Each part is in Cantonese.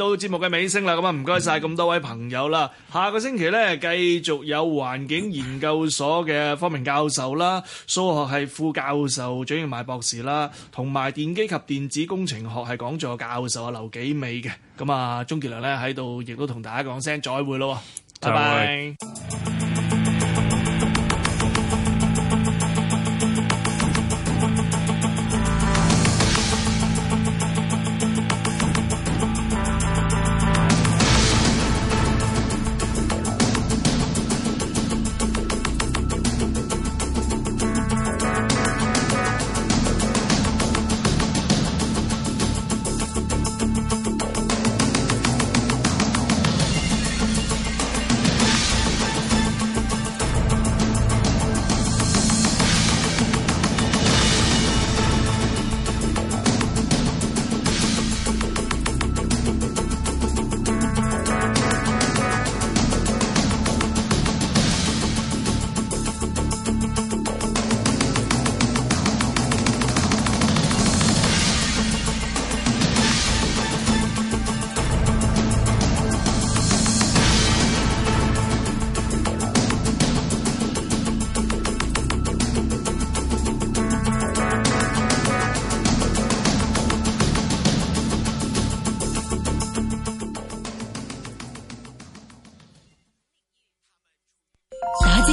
到節目嘅尾聲啦，咁啊唔該晒咁多位朋友啦，下個星期呢繼續有環境研究所嘅方明教授啦，數學系副教授、專業文博士啦，同埋電機及電子工程學系講座教授啊劉紀美嘅，咁啊鍾傑良呢喺度亦都同大家講聲再會咯，拜拜。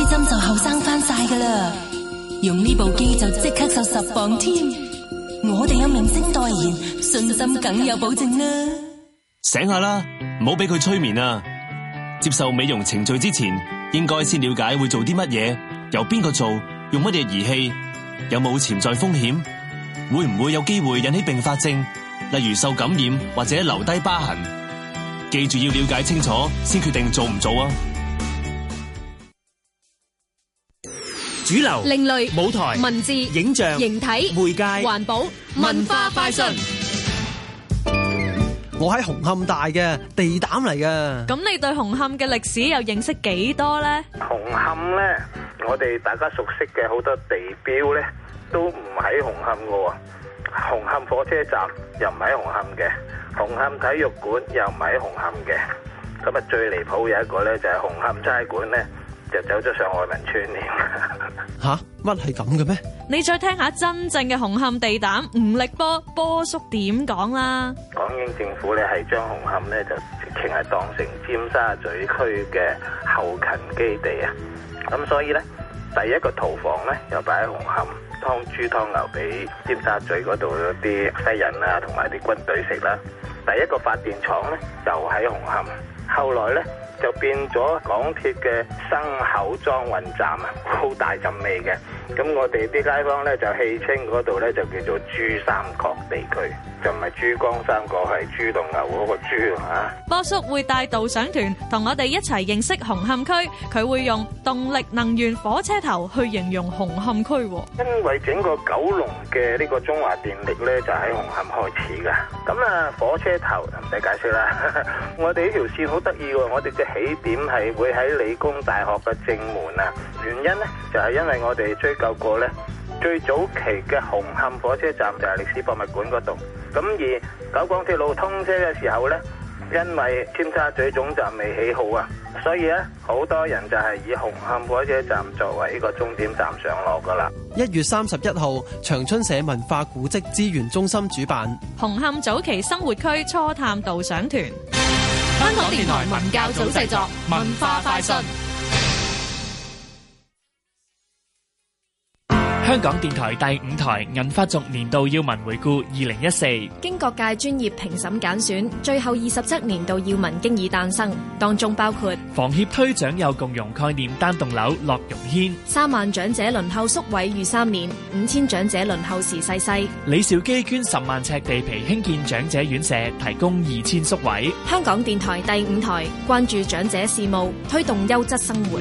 心就後生翻晒噶啦，用呢部機就即刻瘦十磅添。我哋有明星代言，信心梗有保證啦。醒下啦，唔好俾佢催眠啊！接受美容程序之前，應該先了解會做啲乜嘢，由邊個做，用乜嘢儀器，有冇潛在風險，會唔會有機會引起併發症，例如受感染或者留低疤痕。記住要了解清楚，先決定做唔做啊！主流、另類舞台、文字、影像、形體、媒介、環保、文化快訊。我喺紅磡大嘅地膽嚟嘅。咁你對紅磡嘅歷史又認識幾多咧？紅磡咧，我哋大家熟悉嘅好多地標咧，都唔喺紅磡噶。紅磡火車站又唔喺紅磡嘅，紅磡體育館又唔喺紅磡嘅。咁啊，最離譜有一個咧，就係紅磡差館咧，就走咗上愛民邨添。吓，乜係咁嘅咩？你再聽下真正嘅紅磡地膽吳力波波叔點講啦。港英政府咧，係將紅磡咧就直情係當成尖沙咀區嘅後勤基地啊。咁所以咧，第一個屠房咧又擺喺紅磡，劏豬劏牛俾尖沙咀嗰度嗰啲西人啊同埋啲軍隊食啦。第一個發電廠咧就喺紅磡，後來咧。就變咗港鐵嘅牲口裝運站啊，好大陣味嘅。咁我哋啲街坊咧就戲稱嗰度咧就叫做珠三角地區，就唔係珠江三角係豬籠牛嗰個豬啊。波叔會帶導賞團同我哋一齊認識紅磡區，佢會用動力能源火車頭去形容紅磡區。因為整個九龍嘅呢個中華電力咧就喺紅磡開始噶。咁啊火車頭唔使解釋啦，我哋呢條線好得意嘅，我哋嘅。起點係會喺理工大學嘅正門啊，原因呢就係因為我哋追究過呢，最早期嘅紅磡火車站就係歷史博物館嗰度。咁而九廣鐵路通車嘅時候呢，因為尖沙咀總站未起好啊，所以呢好多人就係以紅磡火車站作為呢個終點站上落噶啦。一月三十一號，長春社文化古蹟資源中心主辦紅磡早期生活區初探導賞團。香港電台文教組製作《文化快訊》。香港電台第五台《銀髮族年度要聞回顧二零一四》，經各界專業評審揀選，最後二十七年度要聞經已誕生，當中包括：房協推長幼共融概念單棟樓樂融軒；軒三萬長者輪候宿位逾三年；五千長者輪候時逝世；李兆基捐十萬尺地皮興建長者院舍，提供二千宿位。香港電台第五台關注長者事務，推動優質生活。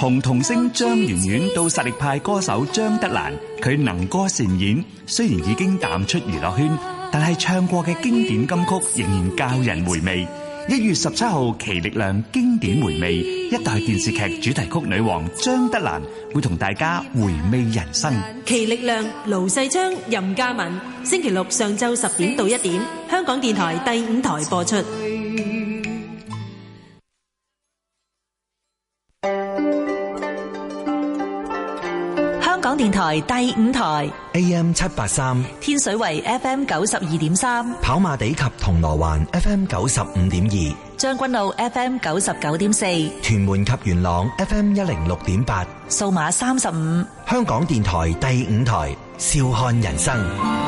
從童星張圓圓到實力派歌手張德蘭，佢能歌善演。雖然已經淡出娛樂圈，但係唱過嘅經典金曲仍然教人回味。一月十七號，奇力量經典回味，一代電視劇主題曲女王張德蘭會同大家回味人生。奇力量，盧世昌、任嘉敏，星期六上晝十點到一點，香港電台第五台播出。電台第五台 AM 七八三，天水圍 FM 九十二點三，跑馬地及銅鑼灣 FM 九十五點二，將軍澳 FM 九十九點四，屯門及元朗 FM 一零六點八，數碼三十五，香港電台第五台，笑看人生。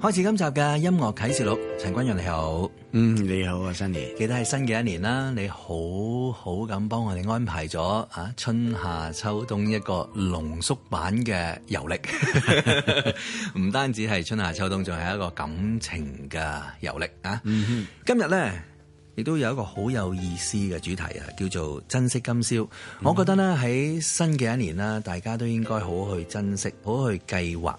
開始今集嘅音樂啟示錄，陳君容，你好，嗯好， 你好啊 s h a n 記得係新嘅一年啦，你好好咁幫我哋安排咗啊，春夏秋冬一個濃縮版嘅遊歷，唔 單止係春夏秋冬，仲係一個感情嘅遊歷啊。 今日呢，亦都有一個好有意思嘅主題啊，叫做珍惜今宵。 我覺得呢，喺新嘅一年啦，大家都應該好，好，好去珍惜，好，好去計劃。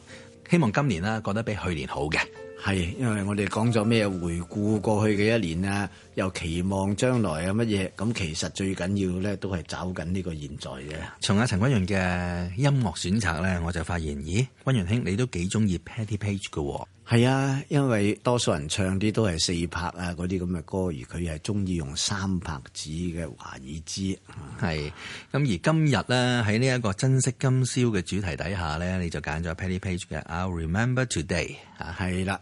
希望今年啦，覺得比去年好嘅，係因為我哋講咗咩，回顧過去嘅一年啊，又期望將來啊，乜嘢，咁其實最緊要咧都係找緊呢個現在嘅。從阿陳君陽嘅音樂選擇咧，我就發現，咦，君陽兄你都幾中意 Patti Page 喎、哦。係啊，因為多數人唱啲都係四拍啊，嗰啲咁嘅歌，而佢係中意用三拍子嘅華爾茲。係，咁而今日咧喺呢一個珍惜今宵嘅主題底下咧，你就揀咗 Patti Page 嘅《I'll Remember Today》啊，係啦、啊。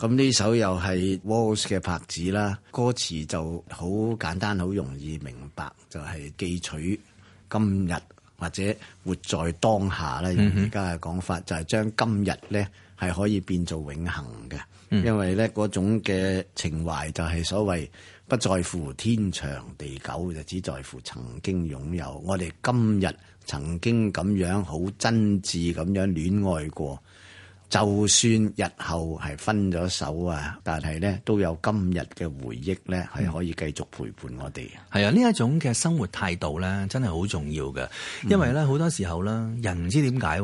咁呢首又係 Waltz 嘅拍子啦，歌詞就好簡單，好容易明白，就係、是、記取今日或者活在當下咧。而家嘅講法、嗯、哼就係將今日咧。係可以變做永恆嘅，因為呢嗰種嘅情懷就係所謂不在乎天長地久，就只在乎曾經擁有。我哋今日曾經咁樣好真摯咁樣戀愛過。就算日後係分咗手啊，但係咧都有今日嘅回憶咧，係可以繼續陪伴我哋。係啊、嗯，呢一種嘅生活態度咧，真係好重要嘅。因為咧，好多時候咧，人唔知點解，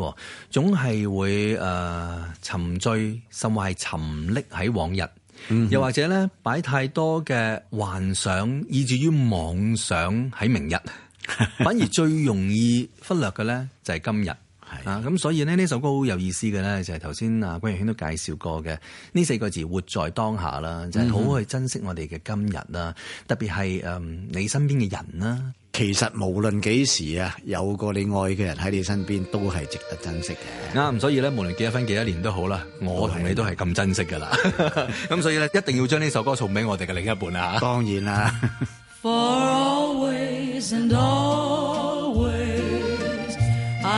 總係會誒、呃、沉醉，甚或係沉溺喺往日。嗯、哼又或者咧，擺太多嘅幻想，以至於妄想喺明日，反而最容易忽略嘅咧，就係、是、今日。 啊，咁所以呢，呢首歌好有意思嘅咧，就係頭先啊關玉軒都介紹過嘅呢四個字，活在當下啦，就係好去珍惜我哋嘅今日啦，特別係誒、呃、你身邊嘅人啦。其實無論幾時啊，有個你愛嘅人喺你身邊都係值得珍惜嘅。啊、嗯，咁所以咧，無論結咗婚幾多年都好啦，我同你都係咁珍惜噶啦。咁、 啊、所以咧，一定要將呢首歌送俾我哋嘅另一半啊。當然啦。 For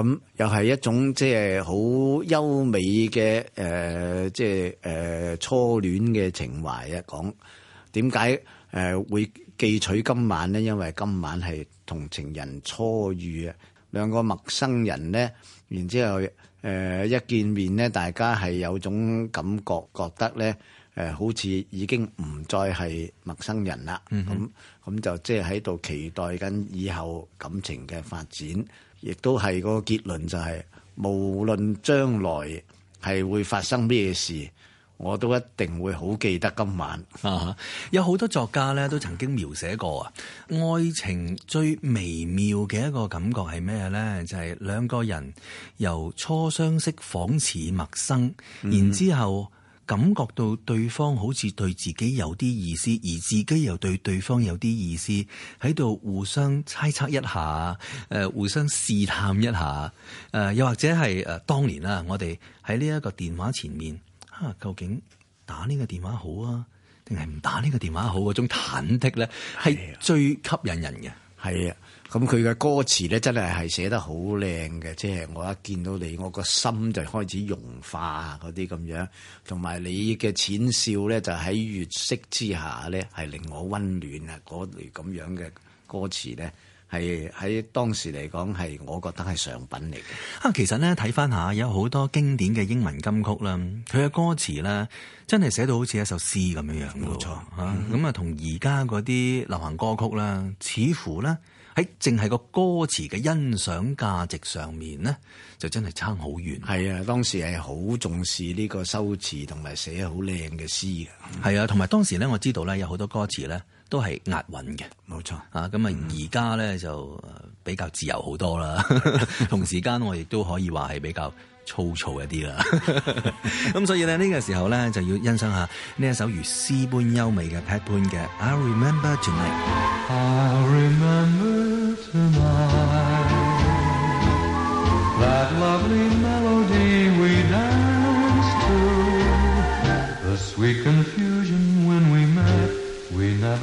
咁又係一種即係好優美嘅誒，即係誒初戀嘅情懷啊！講點解誒會記取今晚咧？因為今晚係同情人初遇啊，兩個陌生人咧，然之後誒、呃、一見面咧，大家係有種感覺，覺得咧誒好似已經唔再係陌生人啦。咁咁、嗯、哼就即係喺度期待緊以後感情嘅發展。亦都係個結論就係、是，無論將來係會發生咩事，我都一定會好記得今晚。Uh huh. 有好多作家咧都曾經描寫過啊，愛情最微妙嘅一個感覺係咩呢？就係、是、兩個人由初相識仿似陌生，然之後、mm。Hmm. 感覺到對方好似對自己有啲意思，而自己又對對方有啲意思，喺度互相猜測一下，誒、呃、互相試探一下，誒、呃、又或者係誒、呃、當年啦，我哋喺呢一個電話前面，嚇、啊、究竟打呢個電話好啊，定係唔打呢個電話好？嗰種忐忑咧，係最吸引人嘅。係啊，咁佢嘅歌詞咧真係係寫得好靚嘅，即係我一見到你，我個心就開始融化嗰啲咁樣，同埋你嘅淺笑咧就喺月色之下咧係令我溫暖啊嗰類咁樣嘅歌詞咧。係喺當時嚟講，係我覺得係上品嚟嘅。啊，其實咧睇返下，看看有好多經典嘅英文金曲啦，佢嘅歌詞咧真係寫到好似一首詩咁樣樣。冇錯啊，咁啊同而家嗰啲流行歌曲啦，似乎咧喺淨係個歌詞嘅欣賞價值上面咧，就真係差好遠。係啊，當時係好重視呢個修辭同埋寫好靚嘅詩嘅。係、嗯、啊，同埋當時咧，我知道咧有好多歌詞咧。都係押韻嘅，冇錯啊！咁啊，而家咧就比較自由好多啦。 同時間我亦都可以話係比較粗糙一啲啦。咁 所以咧呢、呢個時候咧就要欣賞下呢一首如詩般優美嘅 Pat Boone 嘅 I Remember Tonight。I remember tonight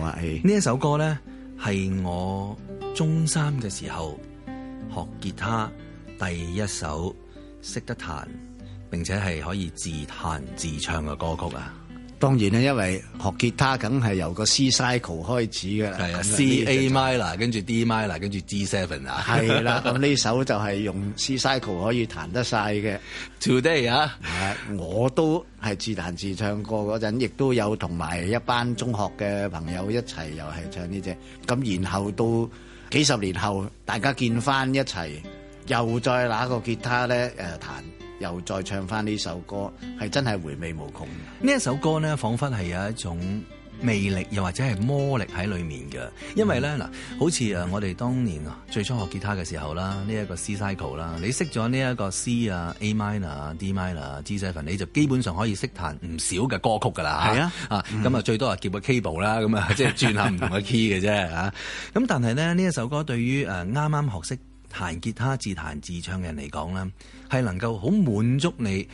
呢一首歌咧，係我中三嘅時候學吉他第一首識得彈，並且係可以自彈自唱嘅歌曲啊！當然咧，因為學吉他梗係由個 C cycle 開始嘅、啊、樣，C A minor 跟住 D minor 跟住 G seven 啊，係啦，咁呢首就係用 C cycle 可以彈得晒嘅。Today、uh. 啊，我都係自彈自唱過嗰陣，亦都有同埋一班中學嘅朋友一齊又係唱呢隻。咁然後到幾十年後，大家見翻一齊，又再拿個吉他咧誒、啊、彈。又再唱翻呢首歌，係真係回味無窮。呢一首歌咧，彷彿係有一種魅力，又或者係魔力喺裏面嘅。因為咧嗱，嗯、好似誒我哋當年啊，最初學吉他嘅時候啦，呢、這、一個 C cycle 啦，你識咗呢一個 C 啊 A minor、D minor、G seven，你就基本上可以識彈唔少嘅歌曲噶啦。係啊，啊咁啊、嗯、最多夾 cable，就 啊夾個 cable 啦，咁啊即係轉下唔同嘅 key 嘅啫嚇。咁但係咧呢一首歌對於誒啱啱學識。彈吉他自彈自唱嘅人嚟講咧，係能夠好滿足你誒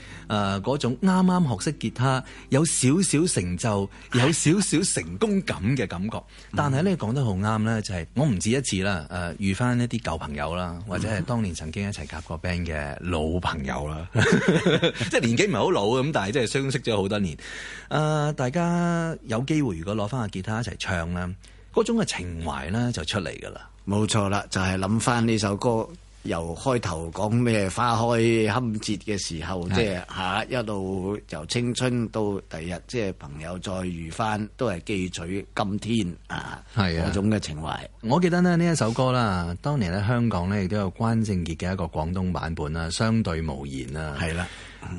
嗰、呃、種啱啱學識吉他，有少少成就，有少少成功感嘅感覺。但係咧講得好啱咧，就係、是、我唔止一次啦誒、呃，遇翻一啲舊朋友啦，或者係當年曾經一齊夾過 band 嘅老朋友啦，即係、嗯、 年紀唔係好老咁，但係即係相識咗好多年。誒、呃，大家有機會如果攞翻個吉他一齊唱啦，嗰種嘅情懷咧就出嚟噶啦。冇錯啦，就係諗翻呢首歌，由開頭講咩花開堪折嘅時候，即係嚇一路由青春到第日，即係朋友再遇翻，都係記取今天啊，嗰種嘅情懷。我記得咧呢一首歌啦，當年咧香港咧亦都有關正傑嘅一個廣東版本啦，《相對無言》啦。係啦。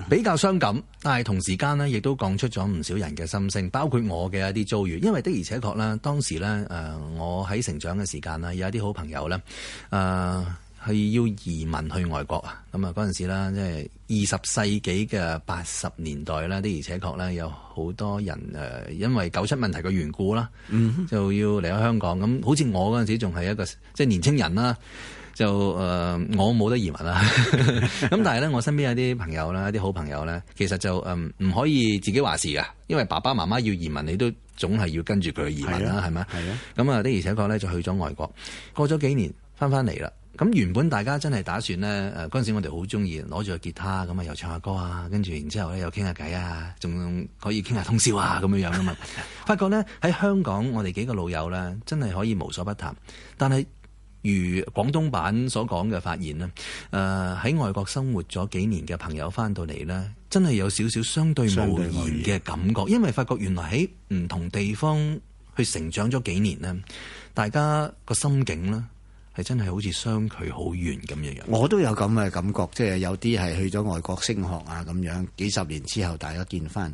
比較傷感，但係同時間呢，亦都講出咗唔少人嘅心聲，包括我嘅一啲遭遇。因為的而且確啦，當時呢，誒，我喺成長嘅時間啦，有一啲好朋友呢，誒、呃，係要移民去外國啊。咁啊，嗰陣時啦，即係二十世紀嘅八十年代啦，的而且確咧，有好多人誒，因為九七問題嘅緣故啦，mm hmm. 就要離開香港。咁好似我嗰陣時仲係一個即係、就是、年輕人啦。就誒、呃，我冇得移民啦。咁 但係咧，我身邊有啲朋友啦，啲好朋友咧，其實就誒唔、嗯、可以自己話事噶，因為爸爸媽媽要移民，你都總係要跟住佢移民啦，係咪啊？係啊。咁啊、嗯，的而且確咧，就去咗外國，過咗幾年，翻翻嚟啦。咁原本大家真係打算呢，誒，嗰陣時我哋好中意攞住個吉他咁啊，又唱下歌啊，跟住然之後咧又傾下偈啊，仲可以傾下通宵啊，咁樣樣噶嘛。發覺咧喺香港，我哋幾個老友咧，真係可以無所不談，但係。如廣東版所講嘅發現咧，誒、呃、喺外國生活咗幾年嘅朋友返到嚟咧，真係有少少相對無言嘅感覺，因為發覺原來喺唔同地方去成長咗幾年咧，大家個心境咧係真係好似相距好遠咁樣樣。我都有咁嘅感覺，即係有啲係去咗外國升學啊，咁樣幾十年之後大家見返。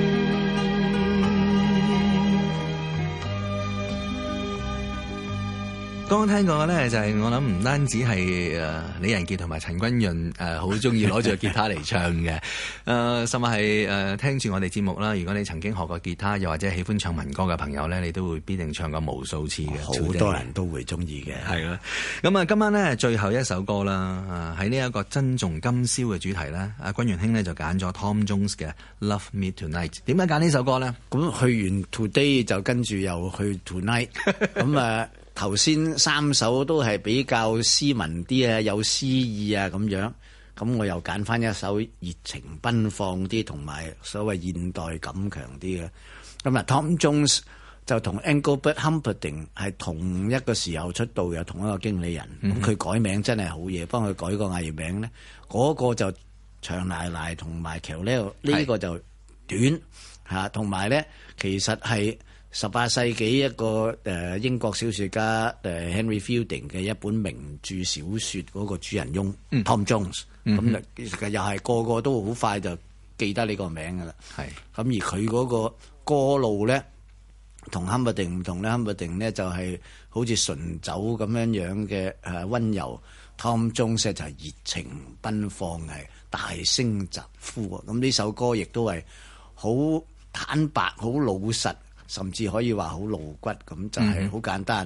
剛剛聽過嘅咧，就係我諗唔單止係誒李仁傑同埋陳君潤誒好中意攞住個吉他嚟唱嘅，誒， 甚至係誒聽住我哋節目啦。如果你曾經學過吉他，又或者喜歡唱民歌嘅朋友咧，你都會必定唱過無數次嘅。哦、好的多人都會中意嘅。係啦，咁啊，今晚咧最後一首歌啦，喺呢一個珍重今宵嘅主題啦。阿君潤兄咧就揀咗 Tom Jones 嘅 Love Me Tonight。點解揀呢首歌咧？咁去完 Today 就跟住又去 Tonight，咁誒。 頭先三首都係比較斯文啲啊，有詩意啊咁樣，咁我又揀翻一首熱情奔放啲，同埋所謂現代感強啲嘅。咁啊、嗯、哼，Tom Jones 就同 Engelbert Humperdinck 係同一個時候出道，又同一個經理人。佢、嗯、哼改名真係好嘢，幫佢改個藝名咧。嗰、那個就長奶奶同埋橋咧，呢個就短嚇，同埋咧其實係。十八世紀一個誒、呃、英國小說家誒、呃、Henry Fielding 嘅一本名著小說，嗰個主人翁、嗯、Tom Jones，咁又係個個都好快就記得呢個名噶啦。係咁是而佢嗰個歌路咧，同堪布定唔同咧。堪布定呢就係好似純酒咁樣樣嘅誒溫柔，Tom Jones 就係熱情奔放，係大聲疾呼。咁呢首歌亦都係好坦白，好老實。甚至可以話好露骨咁，就係、是、好簡單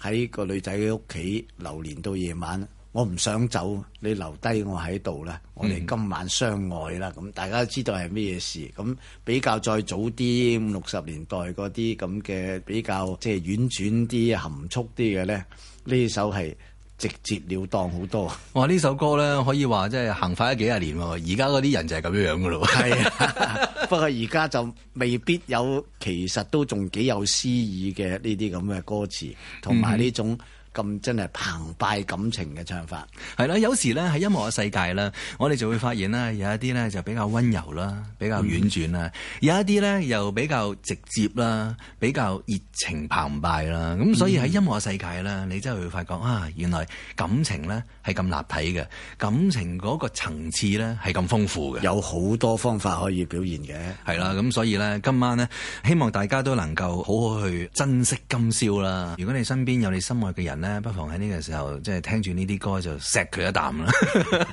喺、mm hmm. 個女仔嘅屋企流連到夜晚。我唔想走，你留低我喺度啦，我哋今晚相愛啦。咁、mm hmm. 大家都知道係咩嘢事？咁比較再早啲六十年代嗰啲咁嘅比較即係婉轉啲、含蓄啲嘅咧，呢首係。直接了當好多，哇！呢首歌咧可以話即係行快咗幾十年喎，而家嗰啲人就係咁樣樣噶咯。係 啊，不過而家就未必有，其實都仲幾有詩意嘅呢啲咁嘅歌詞同埋呢種。嗯咁真係澎湃感情嘅唱法，係啦。有時咧喺音樂嘅世界啦，我哋就會發現啦，有一啲咧就比較溫柔啦，比較婉轉啦；嗯、有一啲咧又比較直接啦，比較熱情澎湃啦。咁、嗯、所以喺音樂嘅世界啦，你真係會發覺啊，原來感情咧係咁立體嘅，感情嗰個層次咧係咁豐富嘅，有好多方法可以表現嘅。係啦，咁所以咧今晚咧，希望大家都能夠好好去珍惜今宵啦。如果你身邊有你心愛嘅人，咧，不妨喺呢個時候即係聽住呢啲歌，就錫佢一啖啦。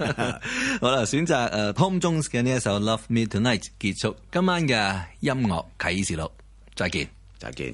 好啦，選擇誒 Tom Jones 嘅呢一首 Love Me Tonight 結束今晚嘅音樂啟示錄。再見，再見。